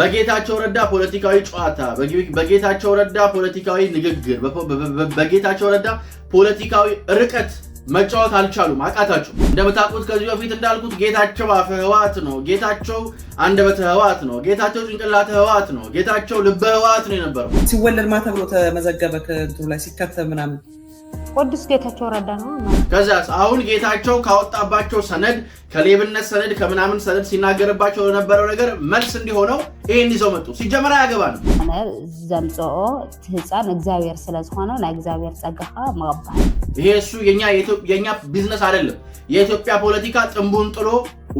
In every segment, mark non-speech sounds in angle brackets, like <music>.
በጌታቸው ረዳ ፖለቲካዊ ጨዋታ፣ በጌታቸው ረዳ ፖለቲካዊ ንግግር፣ በጌታቸው ረዳ ፖለቲካዊ ርቀት መጫወት አልቻሉም፣ አቃታቸው። እንደምታውቁት ከዚህ በፊት እንዳልኩት ጌታቸው አፈ ህዋት ነው፣ ጌታቸው አንደበተ ህዋት ነው፣ ጌታቸው ጭንቅላተ ህዋት ነው፣ ጌታቸው ልበ ህዋት ነው የነበረው። ሲወለድ ማታ ተመዘገበ ከእንትኑ ላይ ሲከተብ ምናምን ቅዱስ ጌታቸው ረዳ ነው። ከዚያ አሁን ጌታቸው ካወጣባቸው ሰነድ ከሌብነት ሰነድ ከምናምን ሰነድ ሲናገርባቸው ለነበረው ነገር መልስ እንዲሆነው ይህን ይዘው መጡ። ሲጀመር ያገባ ነው ህፃን እግዚአብሔር ስለዝሆነ ናይ እግዚአብሔር ፀጋኻ መባል ይሄ እሱ የእኛ ቢዝነስ አይደለም። የኢትዮጵያ ፖለቲካ ጥንቡን ጥሎ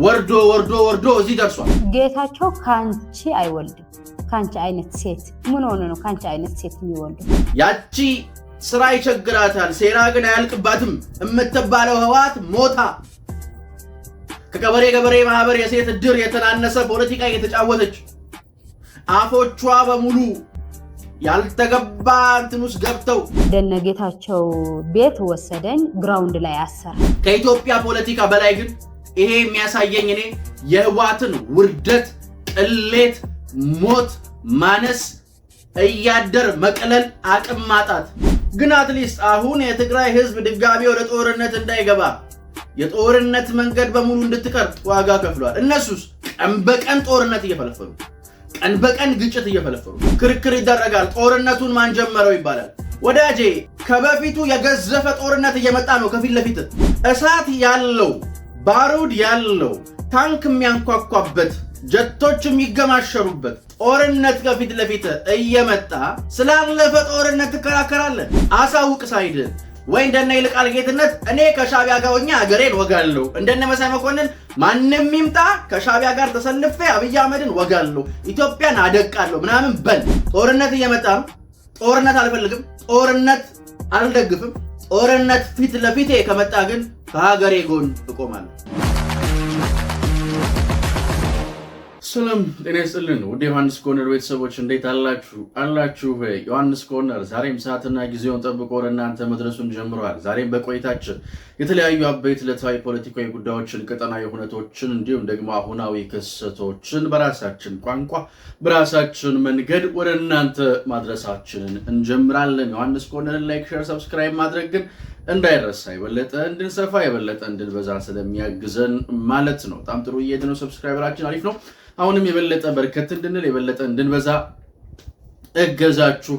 ወርዶ ወርዶ ወርዶ እዚህ ደርሷል። ጌታቸው ከአንቺ አይወልድም። ከአንቺ አይነት ሴት ምን ሆነ ነው ከአንቺ አይነት ሴት የሚወልድ ያቺ ስራ ይቸግራታል፣ ሴራ ግን አያልቅባትም የምትባለው ህወሓት ሞታ ከቀበሬ ገበሬ ማህበር የሴት እድር የተናነሰ ፖለቲካ እየተጫወተች አፎቿ በሙሉ ያልተገባ እንትን ውስጥ ገብተው እንደነ ጌታቸው ቤት ወሰደኝ ግራውንድ ላይ አሰራ። ከኢትዮጵያ ፖለቲካ በላይ ግን ይሄ የሚያሳየኝ እኔ የህወሓትን ውርደት፣ ቅሌት፣ ሞት፣ ማነስ፣ እያደር መቅለል፣ አቅም ማጣት ግን አትሊስት አሁን የትግራይ ህዝብ ድጋሚ ወደ ጦርነት እንዳይገባ የጦርነት መንገድ በሙሉ እንድትቀርጥ ዋጋ ከፍሏል። እነሱስ ቀን በቀን ጦርነት እየፈለፈሉ ቀን በቀን ግጭት እየፈለፈሉ ክርክር ይደረጋል። ጦርነቱን ማን ጀመረው ይባላል። ወዳጄ ከበፊቱ የገዘፈ ጦርነት እየመጣ ነው። ከፊት ለፊት እሳት ያለው ባሩድ ያለው ታንክ የሚያንኳኳበት ጀቶች የሚገማሸሩበት ጦርነት ከፊት ለፊት እየመጣ ስላለፈ ጦርነት ትከራከራለህ። አሳውቅ ሳይድ ወይ እንደነ ይልቃል ጌትነት እኔ ከሻቢያ ጋር ሆኜ ሀገሬን ወጋለሁ፣ እንደነ መሳይ መኮንን ማንም ይምጣ ከሻቢያ ጋር ተሰልፌ አብይ አህመድን ወጋለሁ፣ ኢትዮጵያን አደቃለሁ ምናምን በል። ጦርነት እየመጣ ነው። ጦርነት አልፈልግም፣ ጦርነት አልደግፍም። ጦርነት ፊት ለፊቴ ከመጣ ግን ከሀገሬ ጎን እቆማለሁ። ሰላም ጤና ይስጥልን ውድ ዮሐንስ ኮርነር ቤተሰቦች እንዴት አላችሁ አላችሁ? ዮሐንስ ኮርነር ዛሬም ሰዓትና ጊዜውን ጠብቆ ወደ እናንተ መድረሱን ጀምረዋል። ዛሬም በቆይታችን የተለያዩ አበይት ዕለታዊ ፖለቲካዊ ጉዳዮችን፣ ቀጠናዊ ሁነቶችን እንዲሁም ደግሞ አሁናዊ ክስተቶችን በራሳችን ቋንቋ በራሳችን መንገድ ወደ እናንተ ማድረሳችንን እንጀምራለን። ዮሐንስ ኮርነርን ላይክ፣ ሸር ሰብስክራይብ ማድረግ ግን እንዳይረሳ የበለጠ እንድንሰፋ የበለጠ እንድንበዛ ስለሚያግዘን ማለት ነው። በጣም ጥሩ እየሄድ ነው። ሰብስክራይበራችን አሪፍ ነው። አሁንም የበለጠ በርከት እንድንል የበለጠ እንድንበዛ እገዛችሁ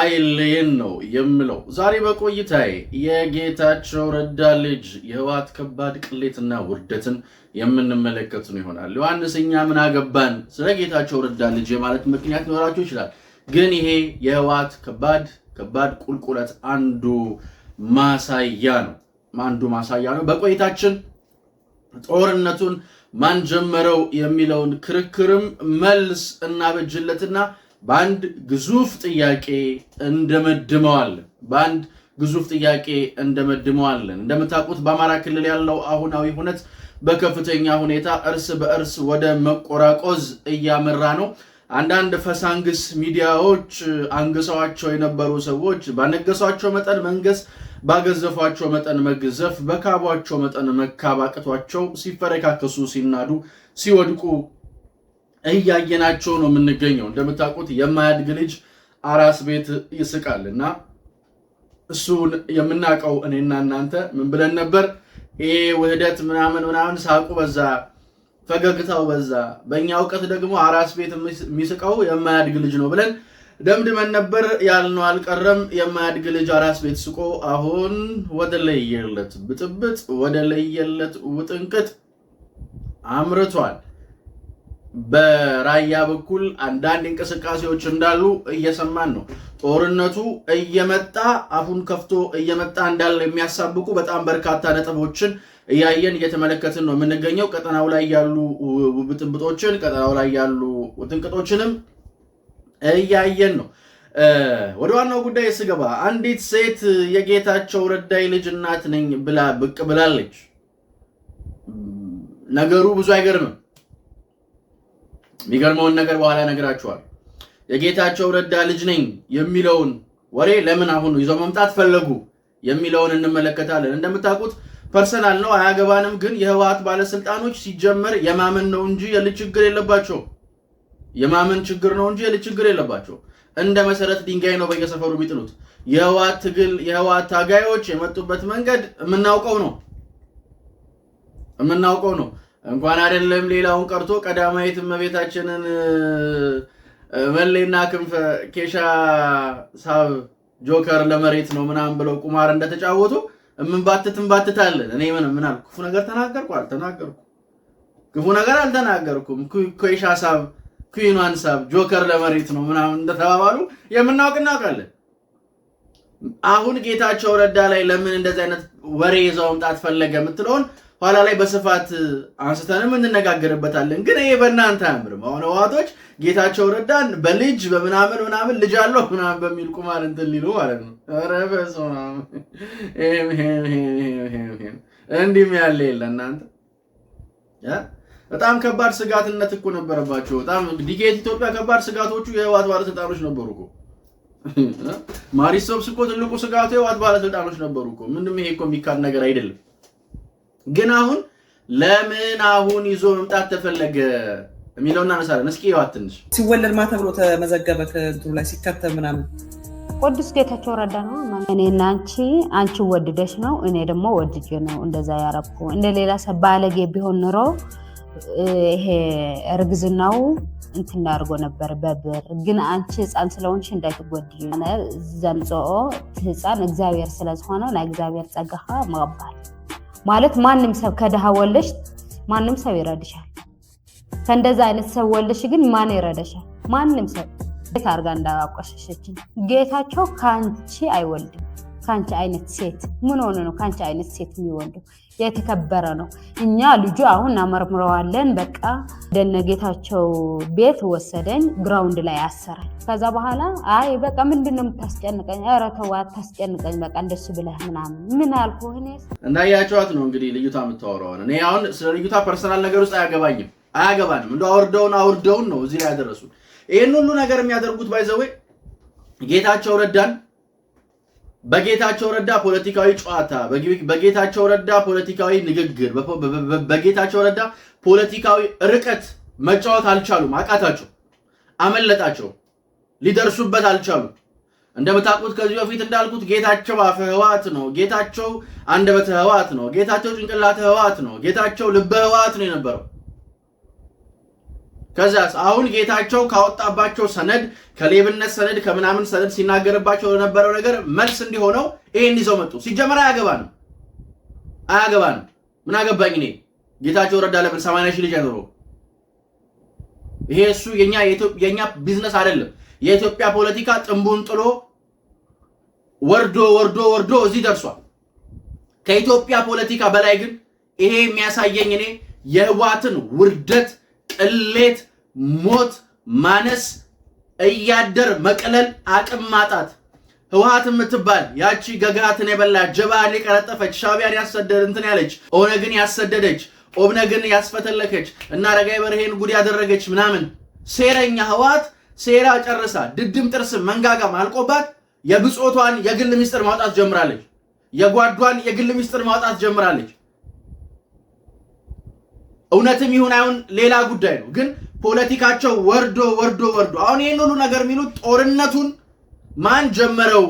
አይለየን ነው የምለው። ዛሬ በቆይታዬ የጌታቸው ረዳ ልጅ የህወሓት ከባድ ቅሌትና ውርደትን የምንመለከት ነው ይሆናል። ዮሐንስ እኛ ምን አገባን ስለ ጌታቸው ረዳ ልጅ የማለት ምክንያት ሊኖራችሁ ይችላል። ግን ይሄ የህወሓት ከባድ ከባድ ቁልቁለት አንዱ ማሳያ ነው አንዱ ማሳያ ነው። በቆይታችን ጦርነቱን ማን ጀመረው የሚለውን ክርክርም መልስ እናበጅለትና በአንድ ግዙፍ ጥያቄ እንደመድመዋለን በአንድ ግዙፍ ጥያቄ እንደመድመዋለን። እንደምታውቁት በአማራ ክልል ያለው አሁናዊ ሁነት በከፍተኛ ሁኔታ እርስ በእርስ ወደ መቆራቆዝ እያመራ ነው። አንዳንድ ፈሳንግስ ሚዲያዎች አንግሰዋቸው የነበሩ ሰዎች ባነገሷቸው መጠን መንገስ፣ ባገዘፏቸው መጠን መግዘፍ፣ በካቧቸው መጠን መካብ ሲፈረካከሱ፣ ሲናዱ፣ ሲወድቁ እያየናቸው ነው የምንገኘው። እንደምታውቁት የማያድግ ልጅ አራስ ቤት ይስቃል እና እሱን የምናውቀው እኔና እናንተ ምን ብለን ነበር? ይሄ ውህደት ምናምን ምናምን ሳቁ በዛ ፈገግታው በዛ። በእኛ እውቀት ደግሞ አራስ ቤት የሚስቀው የማያድግ ልጅ ነው ብለን ደምድመን ነበር ያልነው አልቀረም። የማያድግ ልጅ አራስ ቤት ስቆ አሁን ወደ ለየለት ብጥብጥ፣ ወደ ለየለት ውጥንቅጥ አምርቷል። በራያ በኩል አንዳንድ እንቅስቃሴዎች እንዳሉ እየሰማን ነው። ጦርነቱ እየመጣ አፉን ከፍቶ እየመጣ እንዳለ የሚያሳብቁ በጣም በርካታ ነጥቦችን እያየን እየተመለከትን ነው የምንገኘው። ቀጠናው ላይ ያሉ ብጥብጦችን፣ ቀጠናው ላይ ያሉ ጥንቅጦችንም እያየን ነው። ወደ ዋናው ጉዳይ ስገባ አንዲት ሴት የጌታቸው ረዳይ ልጅ እናት ነኝ ብላ ብቅ ብላለች። ነገሩ ብዙ አይገርምም። የሚገርመውን ነገር በኋላ ነግራችኋል። የጌታቸው ረዳ ልጅ ነኝ የሚለውን ወሬ ለምን አሁን ይዘው መምጣት ፈለጉ የሚለውን እንመለከታለን። እንደምታውቁት ፐርሰናል ነው አያገባንም። ግን የህወሓት ባለስልጣኖች ሲጀመር የማመን ነው እንጂ የልጅ ችግር የለባቸው። የማመን ችግር ነው እንጂ የልጅ ችግር የለባቸው። እንደ መሰረት ድንጋይ ነው በየሰፈሩ ቢጥሉት። የህወሓት ትግል የህወሓት ታጋዮች የመጡበት መንገድ የምናውቀው ነው የምናውቀው ነው። እንኳን አይደለም ሌላውን ቀርቶ ቀዳማዊት እመቤታችንን መሌና ክንፈ ኬሻ ሳብ ጆከር ለመሬት ነው ምናምን ብለው ቁማር እንደተጫወቱ እምንባትት እንባትታለን። እኔ ምን ምን አልኩ? ክፉ ነገር ተናገርኩ? አልተናገርኩ? ክፉ ነገር አልተናገርኩም። ኮይሽ ሀሳብ፣ ኩዊን ሀሳብ ጆከር ለመሬት ነው ምናምን እንደተባባሉ የምናውቅ እናውቃለን። አሁን ጌታቸው ረዳ ላይ ለምን እንደዚህ አይነት ወሬ ይዘው መምጣት ፈለገ የምትለውን ኋላ ላይ በስፋት አንስተንም እንነጋገርበታለን። ግን ይሄ በእናንተ አያምርም። አሁን ህወሓቶች ጌታቸው ረዳን በልጅ በምናምን ምናምን ልጅ አለው ምናምን በሚል ቁማር እንትን ሊሉ ማለት ነው። ኧረ በስመ እንዲህም ያለ የለ እናንተ በጣም ከባድ ስጋትነት እኮ ነበረባቸው። በጣም ዲኬት ኢትዮጵያ ከባድ ስጋቶቹ የህወሓት ባለስልጣኖች ነበሩ እኮ። ማሪሶብስ እኮ ትልቁ ስጋቱ የህወሓት ባለስልጣኖች ነበሩ እኮ። ምንም ይሄ እኮ የሚካድ ነገር አይደለም። ግን አሁን ለምን አሁን ይዞ መምጣት ተፈለገ? የሚለው እናነሳለን። እስኪ ይዋት ትንሽ ሲወለድ ማ ተብሎ ተመዘገበ ከእንትኑ ላይ ሲከተብ ምናምን ቅዱስ ጌታቸው ረዳ ነው። እኔና አንቺ አንቺ ወድደሽ ነው እኔ ደግሞ ወድጄ ነው እንደዛ ያረኩ። እንደ ሌላ ሰው ባለጌ ቢሆን ኑሮ ይሄ እርግዝናው እንትን አድርጎ ነበር በብር ግን አንቺ ህፃን ስለሆንሽ እንዳትጎድ ዘምፅኦ ህፃን እግዚአብሔር ስለዝኾነ ናይ እግዚአብሔር ፀጋኻ መባል ማለት ማንም ሰብ ከድሃ ወለሽ ማንም ሰብ ይረድሻል ከእንደዛ አይነት ሰው ወልሽ ግን ማን ይረደሻል? ማንም ሰው ቤት አርጋ እንዳቆሸሸችን ጌታቸው ከአንቺ አይወልድም። ከአንቺ አይነት ሴት ምን ሆነ ነው ከአንቺ አይነት ሴት የሚወልደው? የተከበረ ነው። እኛ ልጁ አሁን አመርምረዋለን። በቃ ጌታቸው ቤት ወሰደኝ ግራውንድ ላይ አሰራል። ከዛ በኋላ አይ በቃ ምንድን ነው የምታስጨንቀኝ? ኧረ ተው አታስጨንቀኝ፣ በቃ እንደሱ ብለህ ምናምን ምን አልኩ። እኔ። እንዳያቸዋት ነው እንግዲህ ልዩታ የምታወራውን። እኔ አሁን ስለ ልዩታ ፐርሰናል ነገር ውስጥ አያገባኝም አያገባንም። እንደ አውርደውን አውርደውን ነው እዚህ ላይ ያደረሱ። ይህን ሁሉ ነገር የሚያደርጉት ባይዘዌ ጌታቸው ረዳን በጌታቸው ረዳ ፖለቲካዊ ጨዋታ፣ በጌታቸው ረዳ ፖለቲካዊ ንግግር፣ በጌታቸው ረዳ ፖለቲካዊ ርቀት መጫወት አልቻሉም። አቃታቸው፣ አመለጣቸው፣ ሊደርሱበት አልቻሉም። እንደምታውቁት ከዚህ በፊት እንዳልኩት ጌታቸው አፈ ህዋት ነው፣ ጌታቸው አንደበተ ህዋት ነው፣ ጌታቸው ጭንቅላተ ህዋት ነው፣ ጌታቸው ልበ ህዋት ነው የነበረው። ከዚያስ አሁን ጌታቸው ካወጣባቸው ሰነድ ከሌብነት ሰነድ ከምናምን ሰነድ ሲናገርባቸው ለነበረው ነገር መልስ እንዲሆነው ይሄን ይዘው መጡ። ሲጀመር አያገባንም አያገባንም። ምን አገባኝ እኔ ጌታቸው ረዳ ለምን ሰማንያ ሺህ ልጅ አይኖረ? ይሄ እሱ የኛ ቢዝነስ አይደለም። የኢትዮጵያ ፖለቲካ ጥንቡን ጥሎ ወርዶ ወርዶ ወርዶ እዚህ ደርሷል። ከኢትዮጵያ ፖለቲካ በላይ ግን ይሄ የሚያሳየኝ እኔ የህወሓትን ውርደት ቅሌት ሞት፣ ማነስ፣ እያደር መቅለል፣ አቅም ማጣት ህወሓት የምትባል ያቺ ገጋትን የበላች ጀብአን የቀረጠፈች ሻቢያን ያሰደድ እንትን ያለች ኦነግን ያሰደደች ኦብነግን ያስፈተለከች እና ረጋይ በርሄን ጉድ ያደረገች ምናምን ሴረኛ ህወሓት ሴራ ጨርሳ ድድም ጥርስ መንጋጋም አልቆባት የብጾቷን የግል ሚስጥር ማውጣት ጀምራለች። የጓዷን የግል ሚስጥር ማውጣት ጀምራለች። እውነትም ይሁን አይሁን ሌላ ጉዳይ ነው ግን ፖለቲካቸው ወርዶ ወርዶ ወርዶ አሁን ይህን ሁሉ ነገር የሚሉት ጦርነቱን ማን ጀመረው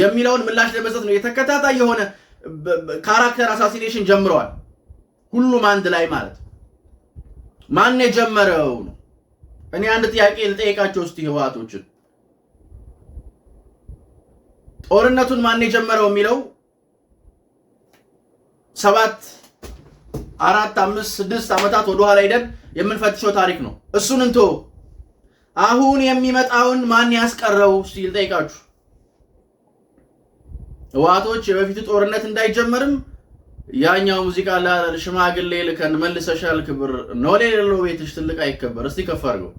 የሚለውን ምላሽ ለመስጠት ነው። የተከታታይ የሆነ ካራክተር አሳሲኔሽን ጀምረዋል። ሁሉም አንድ ላይ ማለት ማን የጀመረው ነው። እኔ አንድ ጥያቄ ልጠይቃቸው እስቲ ህወሓቶችን ጦርነቱን ማን የጀመረው የሚለው ሰባት አራት አምስት ስድስት ዓመታት ወደኋላ ሄደን የምንፈትሸው ታሪክ ነው። እሱን እንቶ አሁን የሚመጣውን ማን ያስቀረው ሲል ጠይቃችሁ ህወሓቶች የበፊቱ ጦርነት እንዳይጀመርም ያኛው ሙዚቃ ሽማግሌ ልከን መልሰሻል፣ ክብር ኖሌ የሌለው ቤትሽ ትልቅ አይከበር። እስቲ ከፍ አድርገው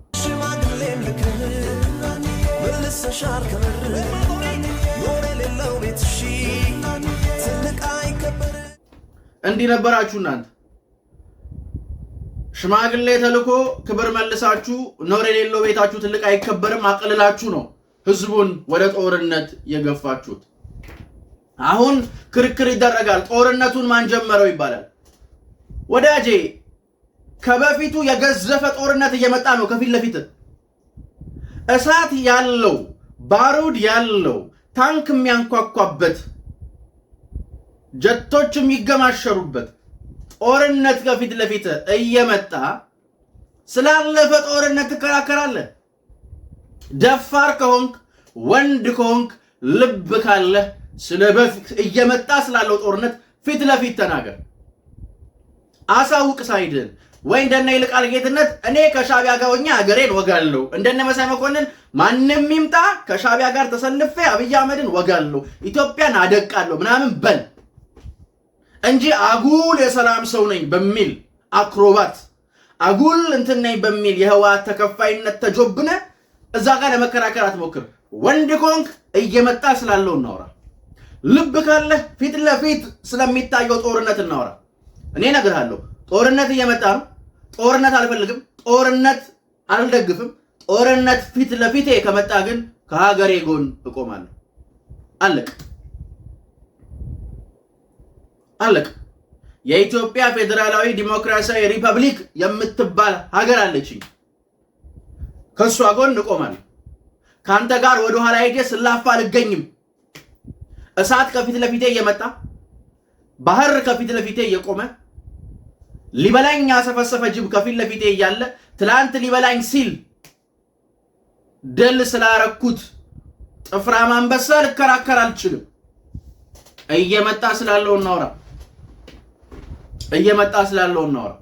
እንዲህ ነበራችሁ እናንተ ሽማግሌ ተልኮ ክብር መልሳችሁ ነውር የሌለው ቤታችሁ ትልቅ አይከበርም አቅልላችሁ ነው ህዝቡን ወደ ጦርነት የገፋችሁት። አሁን ክርክር ይደረጋል። ጦርነቱን ማን ጀመረው ይባላል። ወዳጄ ከበፊቱ የገዘፈ ጦርነት እየመጣ ነው። ከፊት ለፊት እሳት ያለው ባሩድ ያለው ታንክ የሚያንኳኳበት ጀቶች የሚገማሸሩበት ጦርነት ከፊት ለፊት እየመጣ ስላለፈ ጦርነት ትከራከራለህ። ደፋር ከሆንክ ወንድ ከሆንክ ልብ ካለህ ስለ በፊት እየመጣ ስላለው ጦርነት ፊት ለፊት ተናገር፣ አሳውቅ ሳይድን ወይ እንደነ ይልቃል ጌትነት እኔ ከሻቢያ ጋር ሆኜ ሀገሬን ወጋለሁ፣ እንደነ መሳይ መኮንን ማንም ይምጣ ከሻቢያ ጋር ተሰልፌ አብይ አህመድን ወጋለሁ፣ ኢትዮጵያን አደቃለሁ ምናምን በል። እንጂ አጉል የሰላም ሰው ነኝ በሚል አክሮባት አጉል እንትን ነኝ በሚል የህወሓት ተከፋይነት ተጆብነ እዛ ጋር ለመከራከር አትሞክር። ወንድ ኮንክ እየመጣ ስላለው እናወራ። ልብ ካለህ ፊት ለፊት ስለሚታየው ጦርነት እናወራ። እኔ እነግርሃለሁ፣ ጦርነት እየመጣ ነው። ጦርነት አልፈልግም፣ ጦርነት አልደግፍም። ጦርነት ፊት ለፊቴ ከመጣ ግን ከሀገሬ ጎን እቆማለሁ። አለቅ አለቀ። የኢትዮጵያ ፌዴራላዊ ዲሞክራሲያዊ ሪፐብሊክ የምትባል ሀገር አለችኝ። ከእሷ ጎን እቆማለሁ። ከአንተ ጋር ወደ ኋላ ሄጄ ስላፋ አልገኝም። እሳት ከፊት ለፊቴ እየመጣ ባህር ከፊት ለፊቴ እየቆመ ሊበላኝ ያሰፈሰፈ ጅብ ከፊት ለፊቴ እያለ ትላንት ሊበላኝ ሲል ድል ስላረኩት ጥፍራም አንበሳ ልከራከር አልችልም። እየመጣ ስላለው እናውራ። እየመጣ ስላለው እናወራ።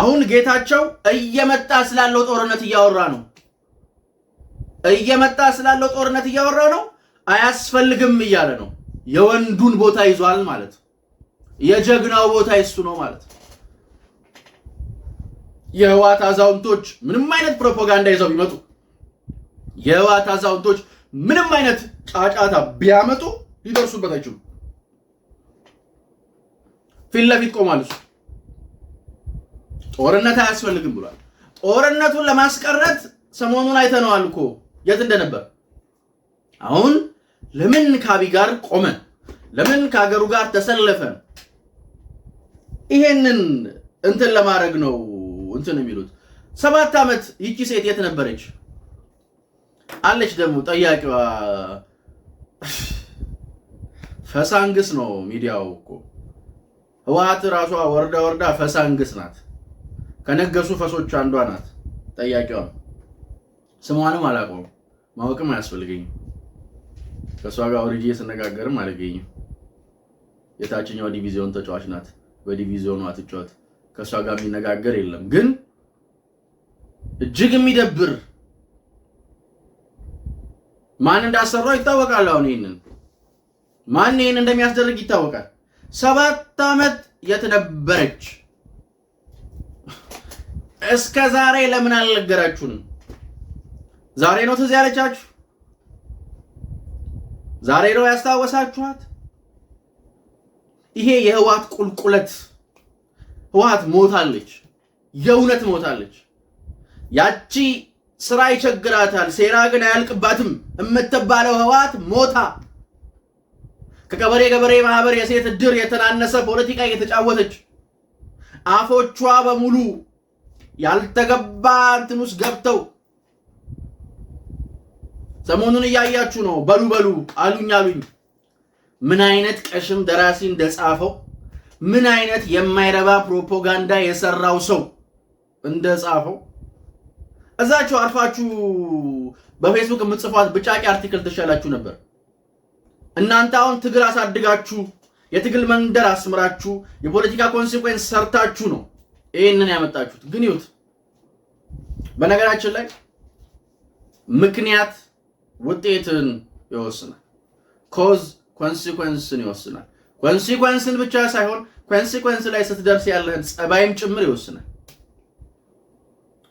አሁን ጌታቸው እየመጣ ስላለው ጦርነት እያወራ ነው። እየመጣ ስላለው ጦርነት እያወራ ነው። አያስፈልግም እያለ ነው። የወንዱን ቦታ ይዟል ማለት የጀግናው ቦታ ይሱ ነው ማለት። የህዋት አዛውንቶች ምንም አይነት ፕሮፓጋንዳ ይዘው ቢመጡ የህዋት አዛውንቶች ምንም አይነት ጫጫታ ቢያመጡ ሊደርሱበት አይችሉም። ፊት ለፊት ቆሟል። እሱ ጦርነት አያስፈልግም ብሏል። ጦርነቱን ለማስቀረት ሰሞኑን አይተነዋል እኮ የት እንደነበር። አሁን ለምን ከአቢ ጋር ቆመ? ለምን ከሀገሩ ጋር ተሰለፈ? ይሄንን እንትን ለማድረግ ነው እንትን የሚሉት። ሰባት ዓመት ይቺ ሴት የት ነበረች? አለች ደግሞ ጠያቂዋ። ፈሳንግስ ነው ሚዲያው እኮ ህወሓት ራሷ ወርዳ ወርዳ ፈሳ እንግስ ናት። ከነገሱ ፈሶች አንዷ ናት። ጠያቂዋ ስሟንም አላውቀውም፣ ማወቅም አያስፈልገኝም። ከእሷ ጋር ወርጄ ስነጋገርም አልገኝም። የታችኛው ዲቪዚዮን ተጫዋች ናት። በዲቪዚዮኑ አትጫወት። ከእሷ ጋር የሚነጋገር የለም። ግን እጅግ የሚደብር ማን እንዳሰራው ይታወቃል። አሁን ይህንን ማን ይህን እንደሚያስደርግ ይታወቃል። ሰባት ዓመት የት ነበረች? እስከ ዛሬ ለምን አልነገራችሁን? ዛሬ ነው ትዝ ያለቻችሁ? ዛሬ ነው ያስታወሳችኋት? ይሄ የህወሓት ቁልቁለት። ህወሓት ሞታለች፣ የእውነት ሞታለች። ያቺ ስራ ይቸግራታል፣ ሴራ ግን አያልቅባትም የምትባለው ህወሓት ሞታ ከቀበሬ ገበሬ ማህበር የሴት እድር የተናነሰ ፖለቲካ እየተጫወተች አፎቿ በሙሉ ያልተገባ እንትን ውስጥ ገብተው ሰሞኑን እያያችሁ ነው። በሉ በሉ አሉኝ አሉኝ። ምን አይነት ቀሽም ደራሲ እንደጻፈው ምን አይነት የማይረባ ፕሮፓጋንዳ የሰራው ሰው እንደጻፈው እዛችሁ አርፋችሁ በፌስቡክ የምትጽፏት ብጫቂ አርቲክል ትሻላችሁ ነበር። እናንተ አሁን ትግል አሳድጋችሁ የትግል መንደር አስምራችሁ የፖለቲካ ኮንሲኩዌንስ ሰርታችሁ ነው ይህንን ያመጣችሁት። ግን ይሁት በነገራችን ላይ ምክንያት ውጤትን ይወስናል። ኮዝ ኮንሲኩዌንስን ይወስናል። ኮንሲኩዌንስን ብቻ ሳይሆን ኮንሲኩዌንስ ላይ ስትደርስ ያለህን ጸባይም ጭምር ይወስናል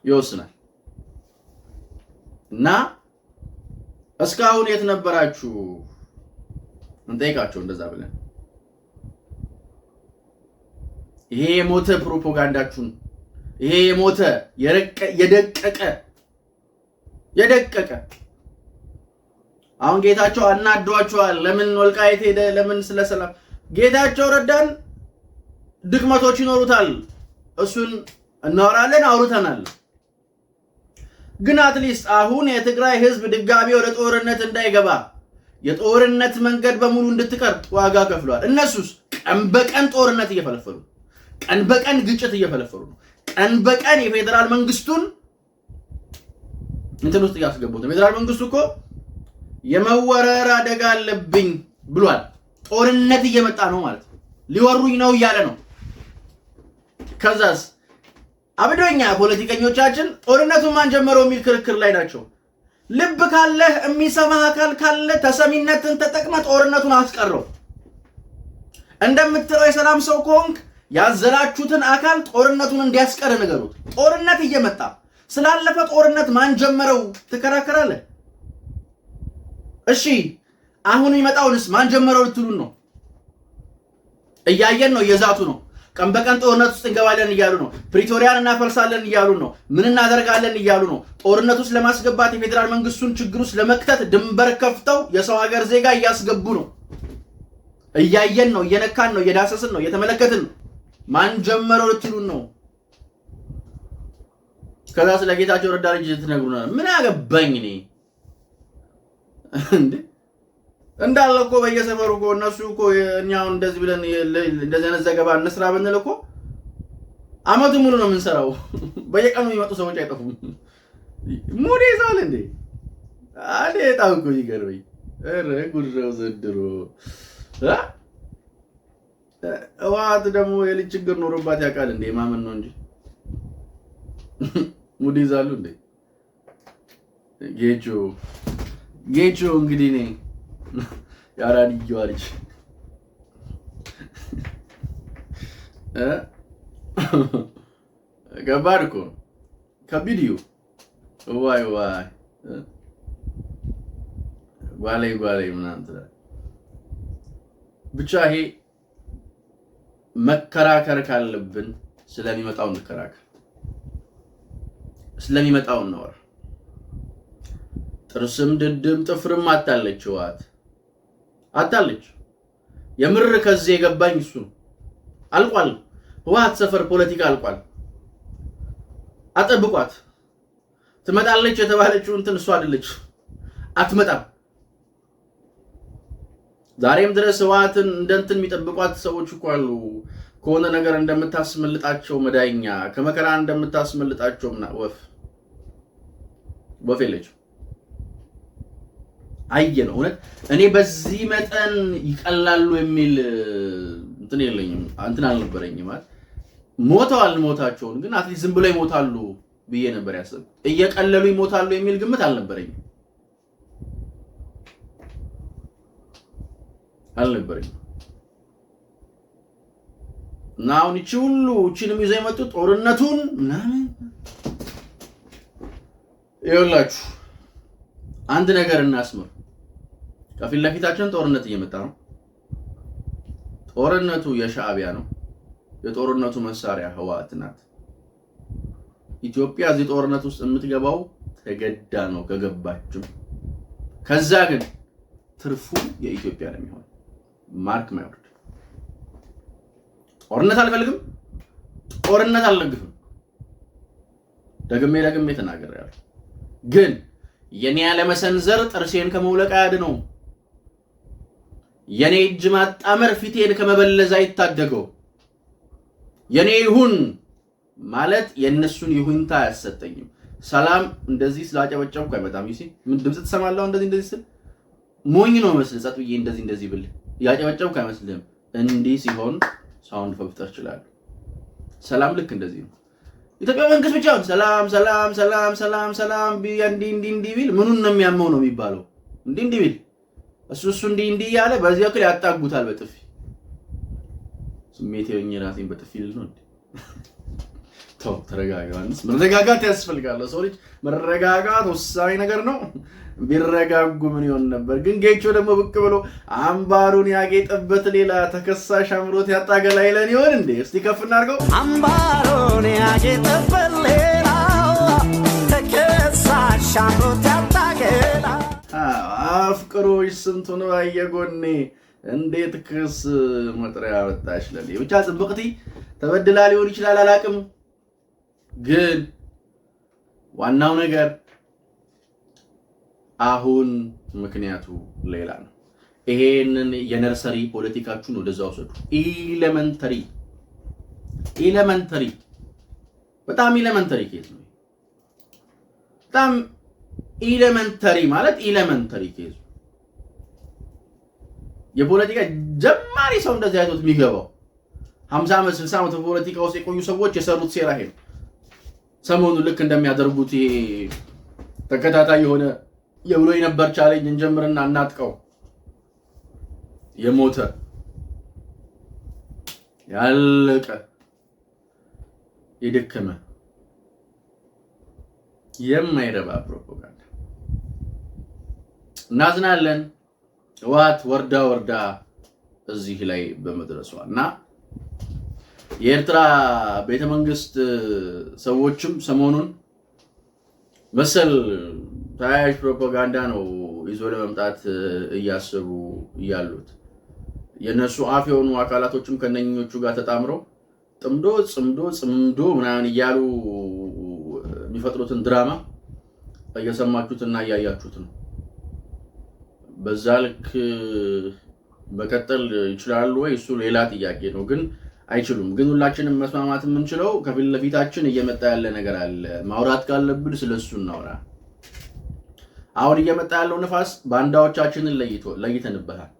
ይወስናል እና እስካሁን የት ነበራችሁ? እንጠይቃቸው እንደዛ ብለን ይሄ የሞተ ፕሮፓጋንዳችሁን ይሄ የሞተ የደቀቀ የደቀቀ አሁን ጌታቸው አናዷቸዋል። ለምን ወልቃይት ሄደ? ለምን ስለ ሰላም ጌታቸው ረዳን ድክመቶች ይኖሩታል። እሱን እናወራለን፣ አውርተናል። ግን አትሊስት አሁን የትግራይ ህዝብ ድጋሚ ወደ ጦርነት እንዳይገባ የጦርነት መንገድ በሙሉ እንድትቀር ዋጋ ከፍለዋል። እነሱስ ቀን በቀን ጦርነት እየፈለፈሉ ነው። ቀን በቀን ግጭት እየፈለፈሉ ነው። ቀን በቀን የፌዴራል መንግስቱን እንትን ውስጥ እያስገቡት ነው። ፌዴራል መንግስቱ እኮ የመወረር አደጋ አለብኝ ብሏል። ጦርነት እየመጣ ነው ማለት ነው። ሊወሩኝ ነው እያለ ነው። ከዛስ አብዶኛ ፖለቲከኞቻችን ጦርነቱን ማን ጀመረው የሚል ክርክር ላይ ናቸው። ልብ ካለህ የሚሰማህ አካል ካለ ተሰሚነትን ተጠቅመ ጦርነቱን አስቀረው። እንደምትለው የሰላም ሰው ከሆንክ ያዘላችሁትን አካል ጦርነቱን እንዲያስቀር ንገሩት። ጦርነት እየመጣ ስላለፈ ጦርነት ማን ጀመረው ትከራከራለህ? እሺ አሁን የሚመጣውንስ ማን ጀመረው ልትሉን ነው? እያየን ነው፣ እየዛቱ ነው። ቀን በቀን ጦርነት ውስጥ እንገባለን እያሉ ነው። ፕሪቶሪያን እናፈልሳለን እያሉ ነው። ምን እናደርጋለን እያሉ ነው። ጦርነት ውስጥ ለማስገባት የፌዴራል መንግስቱን ችግር ውስጥ ለመክተት ድንበር ከፍተው የሰው ሀገር ዜጋ እያስገቡ ነው። እያየን ነው፣ እየነካን ነው፣ እየዳሰስን ነው፣ እየተመለከትን ነው። ማን ጀመረው ልትሉን ነው። ከዛ ስለ ጌታቸው ረዳ ልጅ ትነግሩናል። ምን አገባኝ እኔ እንዴ? እንዳለ እኮ በየሰፈሩ እኮ እነሱ እኮ እኛው እንደዚህ ብለን እንደዚህ አይነት ዘገባ እንስራ ብንል እኮ አመቱ ሙሉ ነው የምንሰራው። <laughs> በየቀኑ የሚመጡ ሰዎች አይጠፉም። <laughs> ሙዴ ይዛል እንዴ አዴ በጣም እኮ ይገርበኝ። ኧረ ጉድ ነው ዘንድሮ። ህወሓት ደግሞ የልጅ ችግር ኖሮባት ያውቃል እንዴ? ማመን ነው እንጂ <laughs> ሙድ ይዛሉ እንዴ ጌቾ ጌቾ እንግዲህ እኔ የአራድየዋ ልጅ ከባድ እኮ ነው። ከቢድዩ ዋይ ዋይ ጓላይ ጓላይ ምናምን ብቻ ይሄ መከራከር ካለብን ስለሚመጣው እንከራከር፣ ስለሚመጣው እናወራ። ጥርስም ድድም ጥፍርም አታለችዋት አታለች። የምር ከዚህ የገባኝ እሱ ነው። አልቋል። ህወሓት ሰፈር ፖለቲካ አልቋል። አጠብቋት። ትመጣለች የተባለችው እንትን እሱ አይደለች፣ አትመጣም። ዛሬም ድረስ ህወሓትን እንደ እንትን የሚጠብቋት ሰዎች እኮ አሉ። ከሆነ ነገር እንደምታስመልጣቸው መዳኛ፣ ከመከራ እንደምታስመልጣቸው ወፍ ወፍ የለችም። አየ ነው እውነት። እኔ በዚህ መጠን ይቀላሉ የሚል እንትን የለኝም እንትን አልነበረኝ ማለት ሞተዋል ሞታቸውን ግን አትሊስት ዝም ብሎ ይሞታሉ ብዬ ነበር ያሰብኩት። እየቀለሉ ይሞታሉ የሚል ግምት አልነበረኝም አልነበረኝም። እና አሁን ይቺ ሁሉ ይቺንም ይዘው የመጡት ጦርነቱን ምናምን ይኸውላችሁ አንድ ነገር እናስምር። ከፊት ለፊታችን ጦርነት እየመጣ ነው። ጦርነቱ የሻዕቢያ ነው። የጦርነቱ መሳሪያ ህወሓት ናት። ኢትዮጵያ እዚህ ጦርነት ውስጥ የምትገባው ተገዳ ነው ከገባችም። ከዛ ግን ትርፉ የኢትዮጵያ ነው የሚሆን። ማርክ ማይወርድ ጦርነት አልፈልግም፣ ጦርነት አልደግፍም። ደግሜ ደግሜ ተናግሬያለሁ። ግን የኔ ያለመሰንዘር ጥርሴን ከመውለቅ አያድነውም። የኔ እጅ ማጣመር ፊቴን ከመበለዝ አይታደገው። የኔ ይሁን ማለት የእነሱን ይሁንታ አያሰጠኝም። ሰላም እንደዚህ ስላጨበጨብኩ አይመጣም። ይሲ ምን ድምፅ ትሰማለሁ? እንደዚህ እንደዚህ ስል ሞኝ ነው መስል ጸጥ ብዬ እንደዚህ እንደዚህ ብል ያጨበጨብኩ አይመስልም። እንዲህ ሲሆን ሳውንድ መፍጠር ይችላሉ። ሰላም ልክ እንደዚህ ነው። ኢትዮጵያ መንግስት ብቻ ሰላም ሰላም ሰላም ሰላም ሰላም እንዲህ እንዲህ እንዲህ ቢል ምኑን ነው የሚያመው ነው የሚባለው እንዲህ እንዲህ ቢል እሱ እሱ እንዲህ እንዲህ እያለ በዚህ ያክል ያጣጉታል በጥፊ ስሜት የሆኝ ራሴን በጥፊ ልል ነው እንዴ? ተው ተረጋጋንስ። መረጋጋት ያስፈልጋል። ሰው ልጅ መረጋጋት ወሳኝ ነገር ነው። ቢረጋጉ ምን ይሆን ነበር? ግን ጌቾ ደግሞ ብቅ ብሎ አምባሩን ያጌጠበት ሌላ ተከሳሽ አምሮት ያጣገላ ይለን ይሆን እንዴ? እስቲ ከፍ እናድርገው። አምባሩን ያጌጠበት ሌላ ተከሳሽ አምሮት ያጣገላ አፍቅሮሽ ስንቱን ባየ አየጎኔ እንዴት ክስ መጥሪያ ወጣሽ ለኔ። ብቻ ጥብቅቲ ተበድላ ሊሆን ይችላል አላቅም፣ ግን ዋናው ነገር አሁን ምክንያቱ ሌላ ነው። ይሄንን የነርሰሪ ፖለቲካችሁን ወደዛ ውሰዱ። ኢሌመንተሪ ኢሌመንተሪ በጣም ኢሌመንተሪ ኬዝ ነው በጣም ኢሌመንተሪ ማለት ኢሌመንተሪ ኬዙ የፖለቲካ ጀማሪ ሰው እንደዚህ አይቶት የሚገባው 50 ዓመት 60 ዓመት በፖለቲካ ውስጥ የቆዩ ሰዎች የሰሩት ሴራ ይሄ ነው። ሰሞኑን ልክ እንደሚያደርጉት ይሄ ተከታታይ የሆነ የብሎ የነበር ቻሌንጅ እንጀምርና እናጥቀው የሞተ ያለቀ የደከመ የማይረባ ፕሮፓጋንዳ እናዝናለን። ህወሓት ወርዳ ወርዳ እዚህ ላይ በመድረሷ እና የኤርትራ ቤተመንግስት ሰዎችም ሰሞኑን መሰል ተያያዥ ፕሮፓጋንዳ ነው ይዞ ለመምጣት እያሰቡ ያሉት። የእነሱ አፍ የሆኑ አካላቶችም ከነኞቹ ጋር ተጣምረው ጥምዶ ጽምዶ ጽምዶ ምናምን እያሉ የሚፈጥሩትን ድራማ እየሰማችሁት እና እያያችሁት ነው። በዛ ልክ መቀጠል ይችላሉ ወይ? እሱ ሌላ ጥያቄ ነው። ግን አይችሉም። ግን ሁላችንም መስማማት የምንችለው ከፊት ለፊታችን እየመጣ ያለ ነገር አለ። ማውራት ካለብን ስለሱ እናውራ። አሁን እየመጣ ያለው ነፋስ ባንዳዎቻችንን ለይተንበታል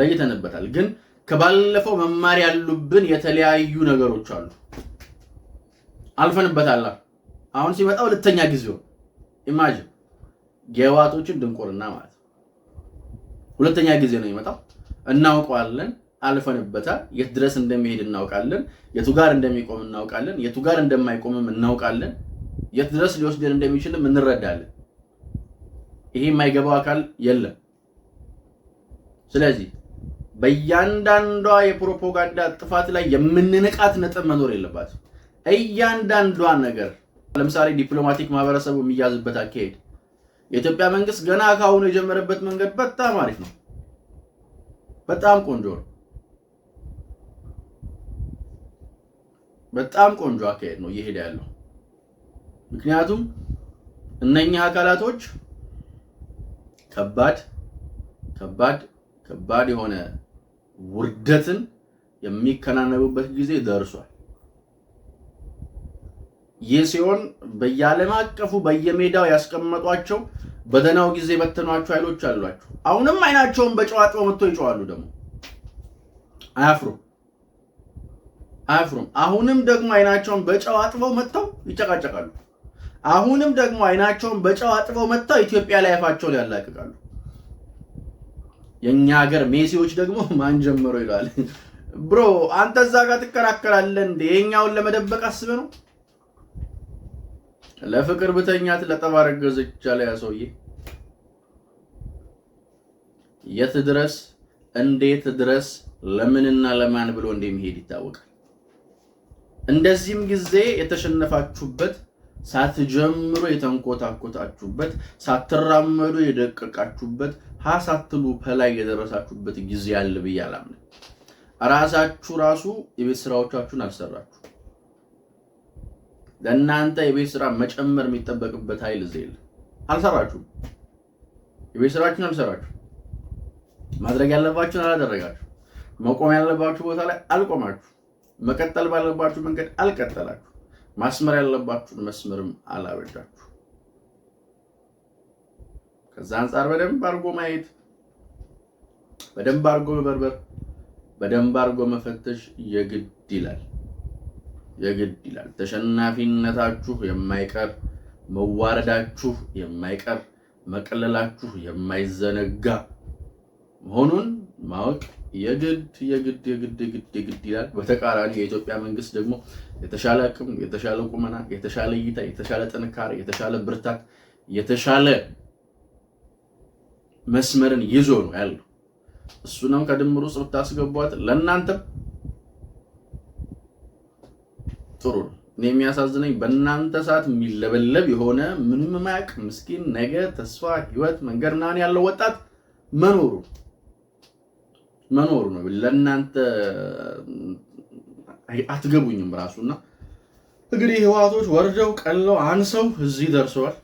ለይተንበታል። ግን ከባለፈው መማር ያሉብን የተለያዩ ነገሮች አሉ። አልፈንበታል። አሁን ሲመጣ ሁለተኛ ጊዜው ኢማጅን የዋጦችን ድንቁርና ማለት ሁለተኛ ጊዜ ነው የሚመጣው። እናውቀዋለን፣ አልፈንበታል። የት ድረስ እንደሚሄድ እናውቃለን። የቱ ጋር እንደሚቆም እናውቃለን። የቱ ጋር እንደማይቆምም እናውቃለን። የት ድረስ ሊወስደን እንደሚችልም እንረዳለን። ይሄ የማይገባው አካል የለም። ስለዚህ በእያንዳንዷ የፕሮፓጋንዳ ጥፋት ላይ የምንንቃት ነጥብ መኖር የለባትም። እያንዳንዷ ነገር ለምሳሌ ዲፕሎማቲክ ማህበረሰቡ የሚያዝበት አካሄድ የኢትዮጵያ መንግስት ገና ከአሁኑ የጀመረበት መንገድ በጣም አሪፍ ነው። በጣም ቆንጆ ነው። በጣም ቆንጆ አካሄድ ነው እየሄደ ያለው። ምክንያቱም እነኛ አካላቶች ከባድ ከባድ ከባድ የሆነ ውርደትን የሚከናነቡበት ጊዜ ደርሷል። ይህ ሲሆን በየዓለም አቀፉ በየሜዳው ያስቀመጧቸው በደህናው ጊዜ በተኗቸው ኃይሎች አሏቸው። አሁንም አይናቸውን በጨዋጭው መጥቶ ይጨዋሉ። ደግሞ አያፍሩ አያፍሩም። አሁንም ደግሞ አይናቸውን በጨው አጥበው መጥተው ይጨቃጨቃሉ። አሁንም ደግሞ አይናቸውን በጨው አጥበው መጥተው ኢትዮጵያ ላይ አፋቸውን ያላቅቃሉ። የእኛ ሀገር ሜሲዎች ደግሞ <laughs> ማን ጀመረው ይላል። <laughs> ብሮ አንተ እዛ ጋር ትከራከራለህ እንዴ? የኛውን ለመደበቅ አስበህ ነው። ለፍቅር ብተኛት ለጠባር አለ ያ ሰውዬ። የት ድረስ እንዴት ድረስ ለምንና ለማን ብሎ እንደሚሄድ ይታወቃል። እንደዚህም ጊዜ የተሸነፋችሁበት ሳትጀምሩ የተንኮታኮታችሁበት ሳትራመዱ የደቀቃችሁበት ሀ ሳትሉ ከላይ የደረሳችሁበት ጊዜ አለ ብዬ አላምንም። ራሳችሁ ራሱ የቤት ስራዎቻችሁን አልሰራችሁ ለእናንተ የቤት ስራ መጨመር የሚጠበቅበት ኃይል እዚህ የለም። አልሰራችሁም። የቤት ስራችሁን አልሰራችሁ፣ ማድረግ ያለባችሁን አላደረጋችሁ፣ መቆም ያለባችሁ ቦታ ላይ አልቆማችሁ፣ መቀጠል ባለባችሁ መንገድ አልቀጠላችሁ፣ ማስመር ያለባችሁን መስመርም አላበጃችሁ። ከዛ አንጻር በደንብ አድርጎ ማየት፣ በደንብ አድርጎ መበርበር፣ በደንብ አድርጎ መፈተሽ የግድ ይላል። የግድ ይላል። ተሸናፊነታችሁ የማይቀር መዋረዳችሁ የማይቀር መቀለላችሁ የማይዘነጋ መሆኑን ማወቅ የግድ የግድ የግድ የግድ የግድ ይላል። በተቃራኒ የኢትዮጵያ መንግስት ደግሞ የተሻለ አቅም፣ የተሻለ ቁመና፣ የተሻለ እይታ፣ የተሻለ ጥንካሬ፣ የተሻለ ብርታት፣ የተሻለ መስመርን ይዞ ነው ያለው። እሱንም ከድምር ውስጥ ብታስገቧት ለእናንተም ጥሩ ነው። እኔ የሚያሳዝነኝ በእናንተ ሰዓት የሚለበለብ የሆነ ምንም ማያቅ ምስኪን ነገ ተስፋ ህይወት መንገድ ምናምን ያለው ወጣት መኖሩ መኖሩ ነው። ለእናንተ አትገቡኝም ራሱና እንግዲህ ህዋቶች ወርደው ቀለው አንሰው እዚህ ደርሰዋል።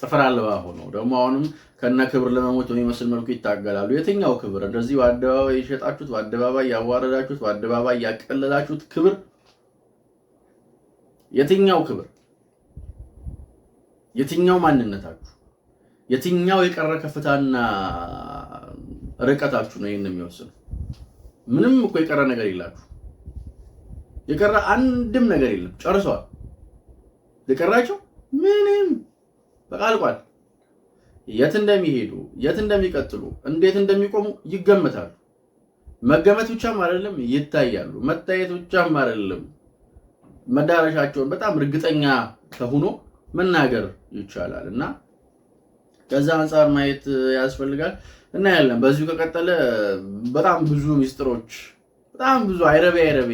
ጥፍር አልባ ሆነው ደግሞ አሁንም ከነ ክብር ለመሞት በሚመስል መልኩ ይታገላሉ። የትኛው ክብር? እንደዚህ በአደባባይ የሸጣችሁት፣ በአደባባይ ያዋረዳችሁት፣ በአደባባይ ያቀለላችሁት ክብር የትኛው ክብር፣ የትኛው ማንነታችሁ፣ የትኛው የቀረ ከፍታና ርቀታችሁ ነው ይህን የሚወስነው? ምንም እኮ የቀረ ነገር የላችሁ። የቀረ አንድም ነገር የለም። ጨርሰዋል። የቀራቸው ምንም በቃ አልቋል። የት እንደሚሄዱ የት እንደሚቀጥሉ እንዴት እንደሚቆሙ ይገመታሉ። መገመት ብቻም አይደለም ይታያሉ። መታየት ብቻም አይደለም መዳረሻቸውን በጣም እርግጠኛ ከሆኖ መናገር ይቻላል እና ከዛ አንጻር ማየት ያስፈልጋል። እናያለን። በዚሁ ከቀጠለ በጣም ብዙ ሚስጥሮች በጣም ብዙ አይረቤ አይረቤ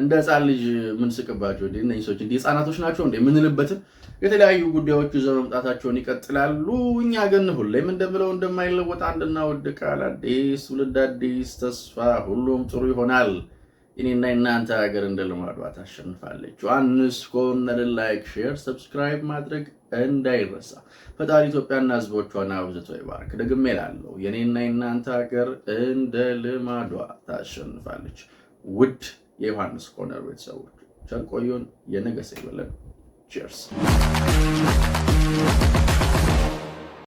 እንደ ህፃን ልጅ የምንስቅባቸው እንደ እነዚህ ሰዎች እንዲህ ህፃናቶች ናቸው እንደ የምንልበትን የተለያዩ ጉዳዮች ይዘው መምጣታቸውን ይቀጥላሉ። እኛ ግን ሁሌም እንደምለው እንደማይለወጥ አንድና ውድ ቃል አዲስ ትውልድ አዲስ ተስፋ፣ ሁሉም ጥሩ ይሆናል። እኔና እናንተ ሀገር እንደ ልማዷ ታሸንፋለች። ዮሐንስ ኮርነር ላይክ፣ ሼር፣ ሰብስክራይብ ማድረግ እንዳይረሳ። ፈጣሪ ኢትዮጵያና ሕዝቦቿን አብዝቶ ይባርክ። ደግሜ እላለሁ የእኔና የእናንተ ሀገር እንደ ልማዷ ታሸንፋለች። ውድ የዮሐንስ ኮርነር ቤተሰቦች ቸር ቆዩን። የነገ ሰው ይበለን። ቼርስ